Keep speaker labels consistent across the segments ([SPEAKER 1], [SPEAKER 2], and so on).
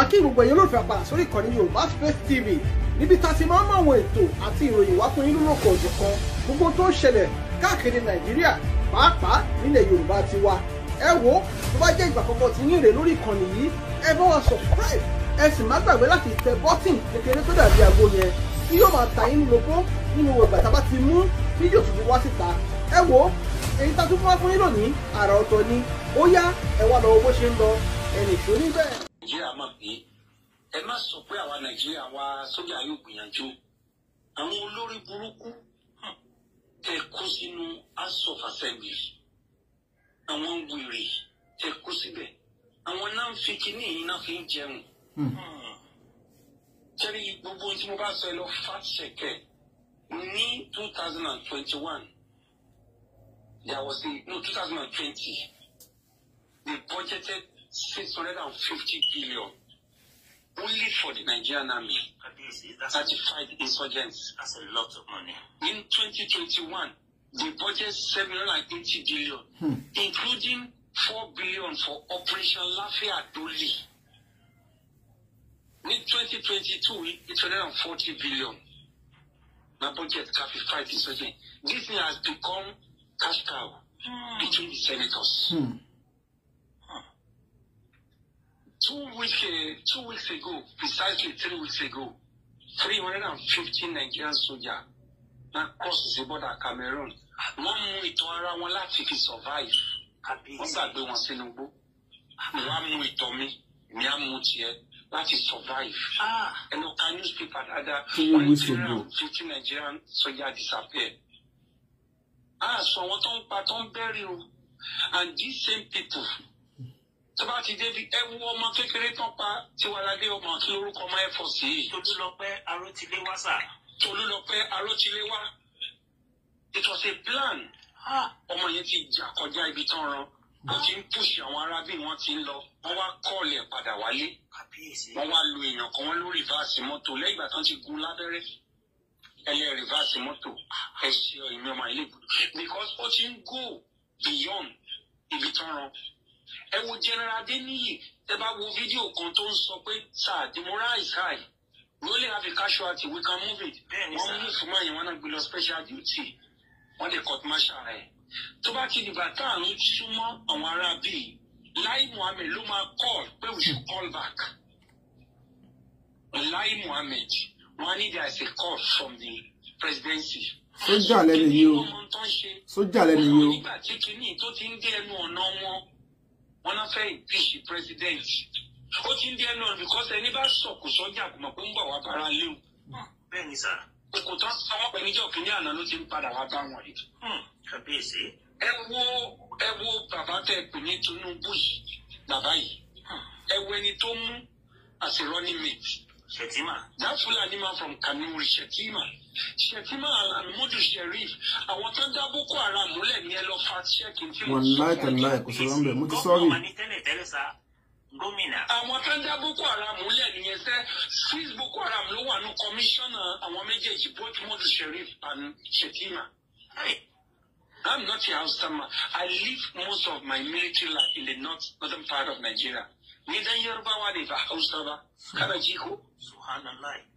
[SPEAKER 1] akí gbogbo ẹ̀yin olóòfẹ́ apá sórí ìkànnì Yorùbá Space TV níbi tá a ti máa ń mọ àwọn ètò àti ìròyìn wá fún yín lóko ọ̀dùn kan gbogbo tó ń ṣẹlẹ̀ káàkiri Nàìjíríà pàápàá nílẹ̀ Yorùbá ti wa ẹ wo tó bá jẹ́ ìgbà kankan tí yín rè lórí ìkànnì yìí ẹ bá wa subscribe ẹ sì má gbàgbé láti tẹ bọ́tìn kékeré tó dàbí àgbo yẹn tí yóò máa ta yín lóko nínú ìgbà tá a bá ti mú fídíò tuntun wá síta ẹ wo èyí tá a tún fún wá fún yín lónìí àrà ọ̀tọ̀ ni ó yá ẹ wá lọ owó ṣe ń lọ ẹnì ìṣó níbẹ̀ nàìjíríà mọ̀ pé ẹ má sọ pé àwa nàìjíríà wa sójà yóò gbìyànjú àwọn olórí burúkú tẹ kó sínú house of assembly àwọn wèrè tẹ kó síbẹ̀ àwọn náà fi kíní yìí fi ń jẹun. sẹ́ni hmm. hmm. gbogbo tí mo bá sọ ẹ lọ fàṣẹkẹ ní two thousand and twenty-one there was no two thousand and twenty the budgeted six hundred and fifty billion only for the Nigerian army. Certified insurgents. That's a lot of money. In 2021, the budget 780 billion, hmm. including 4 billion for Operation Lafayette Dolly. In 2022, it's 140 billion. My budget can fight insurgents. This has become cash cow hmm. between the senators. Hmm two weeks uh, two weeks ago, precisely three weeks ago, 350 Nigerian soldiers na cross the border Cameroon. Wọ́n mú ìtàn ara wọn láti fi survive. Wọ́n gbàgbé wọn sínú igbó. Wọ́n á mú ìtàn mi, mi á mú tiẹ̀ láti survive. Ah. Ẹnu ka newspaper dáadáa, wọ́n ní three hundred fifty Nigerian soldiers disappear. Ah, so wọn tó ń pa tó ń bẹ́rì o, and these same people tó ti débi ẹ ọmọ kékeré tán pa tiwaladé ọmọ àti lórúkọ ọmọ ẹ sí i. Tolúlọpẹ́ Arótilẹ́wá sà. Tolúlọpẹ́ Arótilẹ́wá. It was a plan. ọmọ yẹn ti jà kọjá ibi tán ran wọ́n ti ń pùsì àwọn arábìnrin wọ́n ti ń lọ wọ́n wá kọ́ọ̀lì ẹ̀ padà wálé wọ́n wá lu èèyàn kan wọ́n ló rìvásì mọ́tò lẹ́yìn ìgbà tán ti gun lábẹ́rẹ́ ẹlẹ́ rìvásì mọ́tò ẹ ìmọ̀ ilé ìbùdó ẹ wo general adeniyi ẹ bá wo fídíò kan tó ń sọ pé sir the morale is high we only have a casualty we can move it wọ́n mú fún mọ́ yẹn wọ́n náà gbé lọ special duty wọ́n lè court martial rẹ̀ tó bá ti dìgbà tá à ń súnmọ́ àwọn ará bíi Lai Muhammed ló máa call pé we should call back Lai Muhammed wọ́n ní there is a call from the presidency sójà lẹ́nu yìí o sójà lẹ́nu yìí o. nígbà tí kinní tó ti ń dé ẹnu ọ̀nà wọn wọn náà fẹ́ impeach president ó ti ń di ẹnu ọ̀nà because ẹni bá sọ̀kò sọ́jà kò mọ̀ pé ń bọ̀ wá bára léwu. Hmm. bẹ́ẹ̀ni sá. kòkò tán sọ wọn pẹ̀lú ìjọ kìíní àná ló ti ń padà wá bá wọn yìí. Hmm. kàbíyèsí. ẹ wo ẹ wo bàbá tẹ pè ní Tinubu yìí bàbá yìí hmm. ẹ wo ẹni tó mú as a running mate. Shetima. That Fulani man from Kanuri, Shetima. Shetima and mudu Sherif. Àwọn tó ń dá Boko Haram múlẹ̀ ní ẹ lọ fa ṣẹ́ẹ̀kì tí night. sọ. Wàláì tàláì kò sọ̀rọ̀ mbẹ̀, Gómìnà ní tẹ́lẹ̀ tó ń dá Boko Haram múlẹ̀ nìyẹn sẹ́, six Boko Haram ló wà ní kọmíṣánná àwọn méjèèjì both Mudu Sherif and Shetima. I'm not a Hausa I live most of my military life in the north, northern part of Nigeria ni dan yarbawa ne ba hausa ba kana ji ko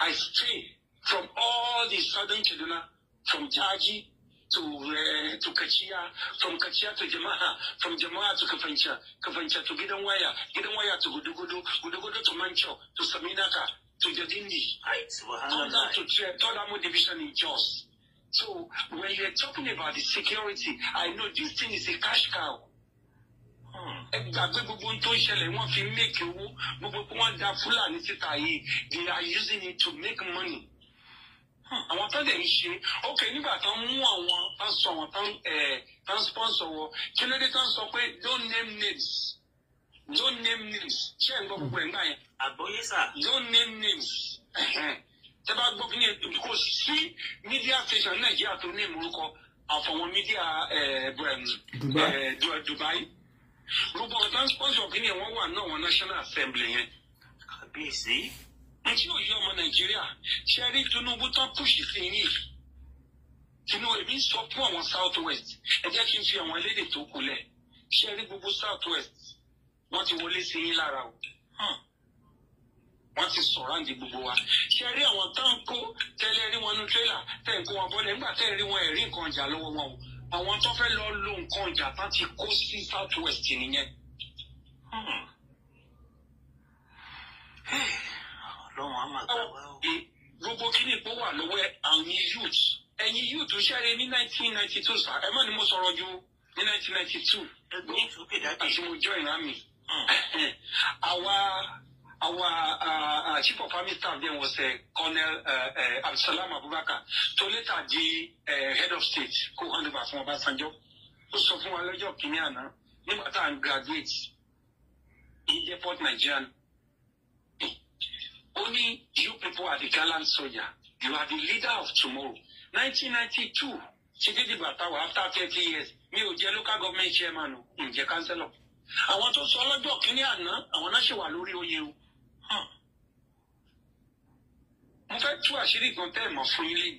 [SPEAKER 1] i stay from all the southern kaduna from jaji to uh, to Kachia, from Kachia to jama'a from jama'a to kafanca kafanca to Gidanwaya, Gidanwaya gidan waya to gudugudu gudugudu to mancho to saminaka to jadindi right. to todamu division in jos so when you're talking about the security i know this thing is a cash cow ẹ gbàgbé gbogbo tó ń ṣẹlẹ̀ wọ́n fi make owó gbogbo kí wọ́n da fúlàní síta yìí they are using it to make money hmm, àwọn tó dẹ̀ ń ṣe ok nígbà tó ń mú àwọn tó ń sọ wọn tó ń sponsor wọn kí ló dé tó sọ pé don't name names don't name names ṣé ẹ̀ ń gbọ́ gbogbo ẹ̀ ń yẹn. àgbọ̀yé sà. don't name names tẹ́ bá gbọ́ kí ni kò sí media station nàìjíríà tó ní ìmúrúkọ àfọwọ́n media eh, Dubai. Eh, gbogbo ọ̀tá sponsor opinion wọn wà náà wọn national assembly yẹn. kàbíyèsí. n tí yóò yí ọmọ nàìjíríà ṣe rí tinubu tán pùṣì sí yìí tinubu èmi ń sọ fún àwọn south west ẹ jẹ́ kí n fi àwọn elédè tó kù lẹ̀ ṣe rí gbogbo south west wọ́n ti wọlé sí yín lára o wọ́n ti sọ̀ráǹdì gbogbo wa ṣe rí àwọn táǹkó tẹ́lẹ̀ rí wọn nu tírélà tẹ̀ ń kó wọn bọ́lẹ̀ nígbà tẹ́ rí wọn ẹ̀rí nǹkan ọjà lọ́wọ́ wọn o àwọn tó fẹ́ lọ lo nǹkan ìjà tán ti kó sí south west nìyẹn. ọlọ́run á máa gbà wá o. gbogbo kíní kó wà lọ́wọ́ àwọn youth ẹ̀yin youth ṣẹ́rin ní nineteen ninety two sá ẹ mọ̀ ni mo sọ̀rọ̀ ju ní nineteen ninety two ní àti mo join army. Hmm. àwa our uh, uh, chief of army staff then was uh, Colonel uh, Absalam Abubakar tó later di head of state kó hand over fún Ọbásanjọ́ ó sọ fún wa lọ́jọ́ kìíní àná nígbà tá à ń graduate ní deport Nigerian ó ní you people are the gallant soldier you are the leader of tomorrow nineteen ninety two títí dìgbà táwọn after thirty years mi ò jẹ local government chairman o ǹjẹ́ councillor àwọn tó sọ lọ́jọ́ kìíní àná àwọn náà ṣì wà lórí oyè o. fẹ́ tú àṣírí kan tẹ́ mọ̀ fún yín lẹ́yìn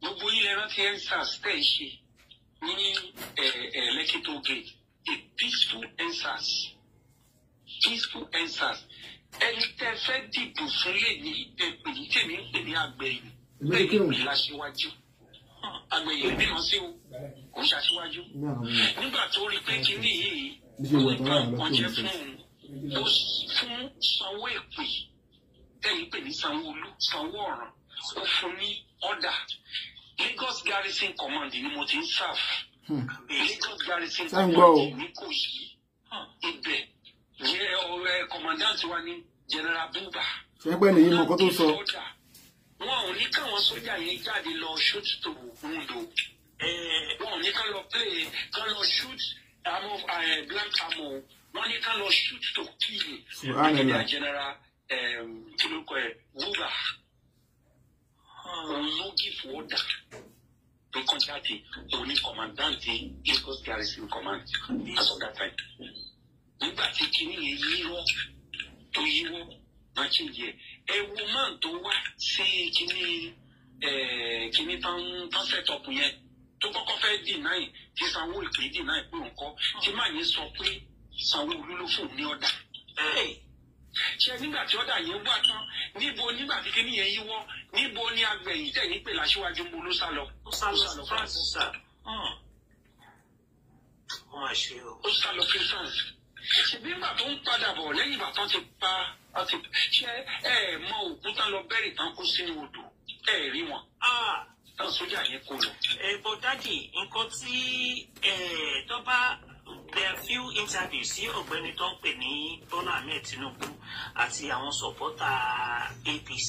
[SPEAKER 1] gbogbo yín lẹ́ran tí ensars tẹ̀ ń ṣe ní Lekki Toll Gate a peaceful ensars peaceful ensars ẹni tẹ́ fẹ́ dìbò fún lẹ́yìn ìpèpè yìí tèmi ń pè ní àgbẹ̀yìn lẹ́yìn ìlàṣíwájú àgbẹ̀yìn bímọ sí o kò ṣàṣíwájú nígbà tó rí pé kínní yìí ó ń bá nǹkan jẹ́ fún òun ó fún sanwó èpè tẹ́yìn pè ní sanwó-olú ó fún ní ọ̀dà Lagos Garrison Command ni mo ti ń serve hmm. Lagos Garrison Command ní kò yí hmm, ibẹ̀ yẹ ọ̀rẹ́ commandant wa ní General Buba. ṣẹ́gbẹ́ nìyí wọn ò ní káwọn sójà yẹn jáde lọ shoot to wound o eh. wọn ò ní ká lọ play ká lọ shoot amọ eh, black amọ wọn ní ká lọ shoot to kill ní General. Um, ló kọ ẹ wúrà òun ló gífù ọ̀dà ló kàn jáde òun ní kọ̀mándáǹtì lagos garrison command as of that time nígbà tí kinní yẹn yíwọ́ tó yíwọ́ máa kí n yẹ ẹ wo máa tó wá sí kinní kinní tán set up yẹn tó kọ́kọ́ fẹ́ deny tí sanwó-ìpè deny pé òun kọ́ tí màá yẹn sọ pé sanwó-olú fún un ní ọ̀dà ṣe nígbà tí ọ̀dà yẹn wá tán níbo nígbà tí kíní yẹn yíwọ́ níbo ni agbẹ̀yìn tẹ̀yìn pè láṣíwájú mo ló sá lọ. ó sá lọ France sá. Hmm. ó sá lọ sí France. ṣèbí nígbà tó ń padà bọ̀ lẹ́yìn ìgbà tán ti pa ṣe ẹ mọ òkúta lọ bẹ́rì tán kó sínú odò ẹ rí wọn. táwọn sójà yẹn kó lọ. ẹ bọ dádì nǹkan tí tọ́ba there are few interviews sí ọ̀gbẹ́ni tó ń pè ní Bọ́lá Ahmed Tinubu àti àwọn sọ̀pọ́tà APC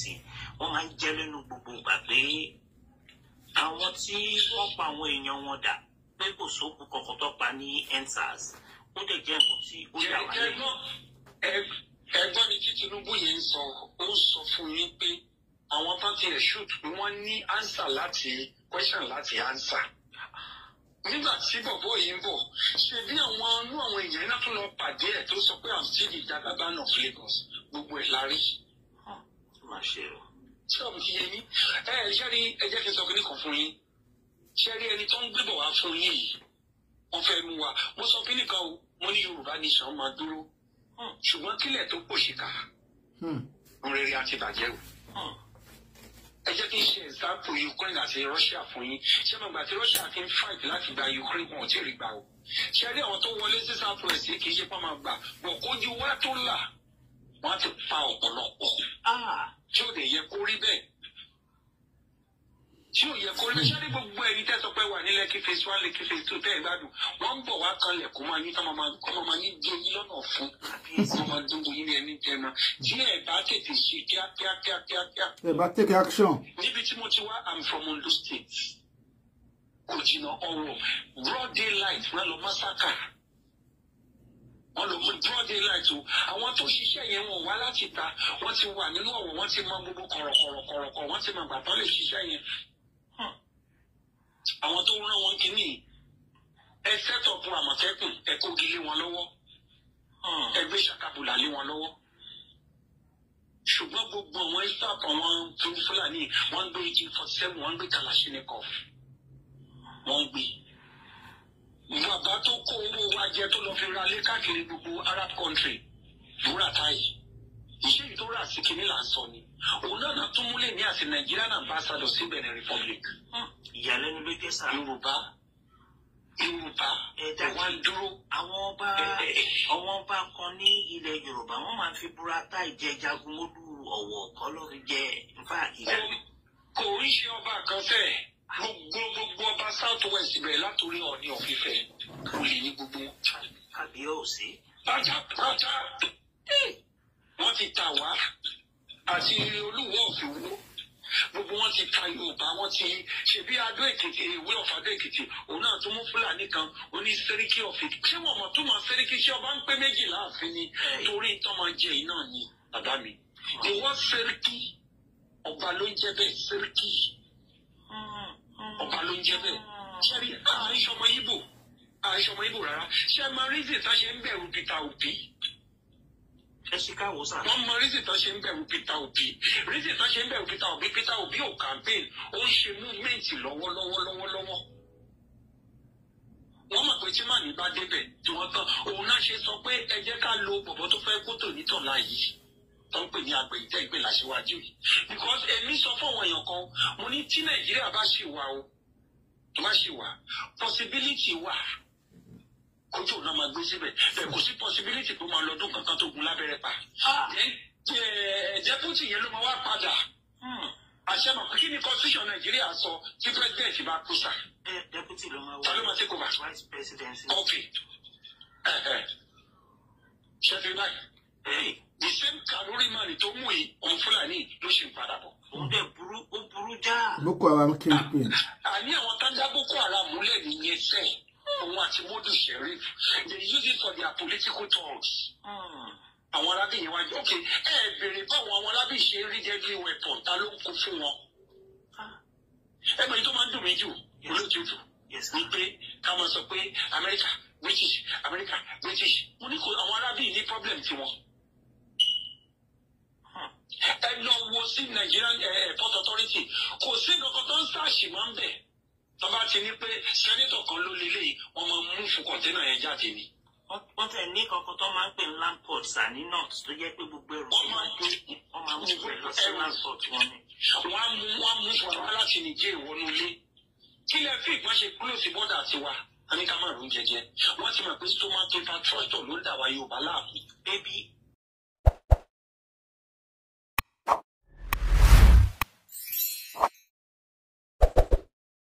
[SPEAKER 1] wọ́n máa ń jẹ́ lẹ́nu gbogbo ìgbà pé àwọn tí wọ́n pa àwọn èèyàn wọn dà pé kò sóògùn kankan tó pa ní endsars ó dẹ̀ jẹ́ nǹkan tí ó yà wá lẹ́nu. ẹ̀gbọ́n mi tí Tinubu yẹn ń sọ ó sọ fún mi pé àwọn tó ti ẹ̀ ṣùtù wọ́n ní ánsà láti question láti ánsà nígbà tí bọ̀bọ̀ yìí ń bọ̀ ṣe bí àwọn inú àwọn èèyàn iná tó lọ pàdé ẹ̀ tó sọ pé i'm still the Jagaban of Lagos gbogbo ẹ̀ la rí. ṣé ọmọ ti yẹ yín ẹ ẹ ṣe rí ẹ jẹ́ kí n sọ kí ní kan fún yín ṣe rí ẹni tó ń gbébọ̀ wá fún yín yìí wọ́n fẹ́ mú wa mo sọ kí nìkan o mo ní Yorùbá nation máa dúró ṣùgbọ́n kílẹ̀ tó pòṣìkà ń hmm. rere àti bàjẹ́ o ẹ jẹ́ kí n ṣe example Ukraine àti Russia fún yín ṣé mo gbà tí Russia fi ń fight láti gba Ukraine wọn ò tí ì rí gbà o ṣe rí àwọn tó wọlé sí South West kì í ṣe pọ́n máa gbà bọ̀ kójú wa tó là wọ́n ti pa ọ̀pọ̀lọpọ̀ tí ò lè yẹ kó rí bẹ́ẹ̀ tí ò yẹ kó lè gbogbo ẹ̀yin tẹ́ sọ wà ní lẹ́kí phase one lẹ́kí phase two tẹ́ gbádùn wọ́n ń wá kanlẹ̀ kó máa yín tọ́mọ máa yín di eyín lọ́nà fún kó máa dún yín ní ẹni tẹ́ máa tí ẹ̀ bá tètè ṣe kíá kíá kíá kíá kíá. ẹ bá take action. níbi tí mo ti wá I'm from Ondo State kò jìnnà ọ̀rọ̀ broad daylight wọn lọ masaka wọn lọ mú broad daylight o àwọn tó ṣiṣẹ́ yẹn wọn wá láti ta wọ́n ti wà nínú ọ̀wọ̀ wọ́n ti mọ gbogbo kọ̀rọ̀kọ̀rọ̀kọ̀rọ̀kọ̀ wọ́n ti mọ gbàtọ́ àwọn tó ń rán wọn kínní ẹ sẹ́tọ̀pù àmọ̀tẹ́kùn ẹ kógi lé wọn lọ́wọ́ hmm. ẹ gbé ṣàkàbùlà lé wọn lọ́wọ́ ṣùgbọ́n gbogbo àwọn isap àwọn fúlàní wọ́n ń gbé eighteen forty seven wọ́n ń gbé kalashnikov wọ́n ń gbé bàbá tó kó owó wa jẹ tó lọ fi ra lé káàkiri gbogbo arab country wúrà táyì iṣẹ́ yìí tó rà sí kinní là ń sọ ni òun náà tún múlẹ̀ ní àti Nigerian ambassador sí Benin Republic. Hmm ìyàlẹ́nu ló jẹ́ sáà. yorùbá yorùbá ẹ̀dá wa ń dúró. àwọn ọba àwọn ọba kan ní ilẹ̀ yorùbá wọ́n máa fi burata ìjẹ jagunmólú ọ̀wọ̀ kọ́lọ́ jẹ nfa ìyá. kò ń ṣe ọba kan tẹ̀ gbogbo gbogbo ọba south west bẹ̀rẹ̀ látòrí ọ̀ní ọ̀fífẹ́ olè ní gbogbo. kábíyèsí. pátápátá wọ́n ti tà wá àti olúwo ọ̀fìwọ́ gbogbo wọn ti ta yorùbá wọn ti ṣèbí adó èkìtì ìwé ọ̀fà adó èkìtì òun náà tún mú fúlàní kan oní sẹ́ríkì ọ̀fẹ́ ṣé wọn mọ̀ tó mọ̀ sẹ́ríkì ṣé ọba ń pé méjì láàfin ni torí tọ́mọ jẹ iná ni bàbá mi ìwọ sẹ́ríkì ọba ló ń jẹ bẹ́ẹ̀ sẹ́ríkì ọba ló ń jẹ bẹ́ẹ̀ ṣẹ́rí àìṣọmọ ibo àìṣọmọ ibo rárá ṣẹ́ máa rí zè tá ṣe ń bẹ̀rù Peter Obi ẹ ṣe ká wò sàn. wọ́n mọ reason tó ṣe ń bẹ̀rù Peter Obi reason tó ṣe ń bẹ̀rù Peter Obi Peter Obi ò campaign ó ń ṣe movement lọ́wọ́lọ́wọ́ lọ́wọ́lọ́wọ́ wọ́n mọ̀ pé tí màní bá débẹ̀ tí wọ́n tán òun náà ṣe sọ pé ẹ jẹ́ ká lo bọ̀bọ̀ tó fẹ́ kó tòní tàn láàyè tó ń pè ní àgbẹ̀ ìtẹ́gbẹ̀ làṣíwájú yìí because èmi sọ fún àwọn èèyàn kan mo ní tí Nàìjíríà bá ṣì wà o bá ṣì wà possibility wà kó tí òun náà máa gbé síbẹ̀ ẹ kò sí possibility kó máa lọ́dún kankan tó gun lábẹ́rẹ́ pa ah. ẹ̀jẹ̀ putin yẹn ló máa wá padà hmm. àṣẹmọ̀ kí ni constitution nàìjíríà sọ tí president bá kú sà. deputy ló máa wá ta ló máa take over. vice president. ok ṣe fi báyìí the same kalori man tó mú yìí òun fúlàní ló ṣe ń padà bọ̀. ó bẹ burú ó burú jáà. boko haram kingpin. àní àwọn tájà boko haram múlẹ̀ nìyẹn sẹ́yìn òun àti Sheriff they use it for their political talks. àwọn arábì yẹn wájú ok ẹ bèrè báwọn àwọn arábì ṣe rí deadly weapon ta ló ń kó fún wọn. Ah. ẹ mọ̀ èyí tó máa ń dùn mí jù lójoojú ni pé ká máa sọ pé Amẹ́ríkà British America, British mo ní kò àwọn arábì ní problem tiwọn hmm. ẹ lọ wo sí Nigerian eh, eh, Port Authority kò sí nǹkan tó ń ṣàṣì máa ń bẹ̀ tó bá ti ní pé sẹ́nitọ̀ kan ló lélẹ̀ wọ́n máa mú fún kọ̀ǹtẹ́nà yẹn jáde ni. wọ́n tẹ̀ ní kankan tó máa ń pè ní landport sà north tó jẹ́ pé gbogbo ẹrù tó máa ń dé wọ́n máa ń mú pẹ̀lú sí landport wọn ni. wọ́n á mú wọ́n á mú fún wa láti nìjẹ́ ìwọ́nú ilé kí lẹ fi ìgbọ́n ṣe kúrò sí bọ́dà tiwa àní ká má rún jẹjẹ wọ́n ti mọ̀ pé tomato patrọ́tọ̀ ló dà wá Yorùbá láàmú.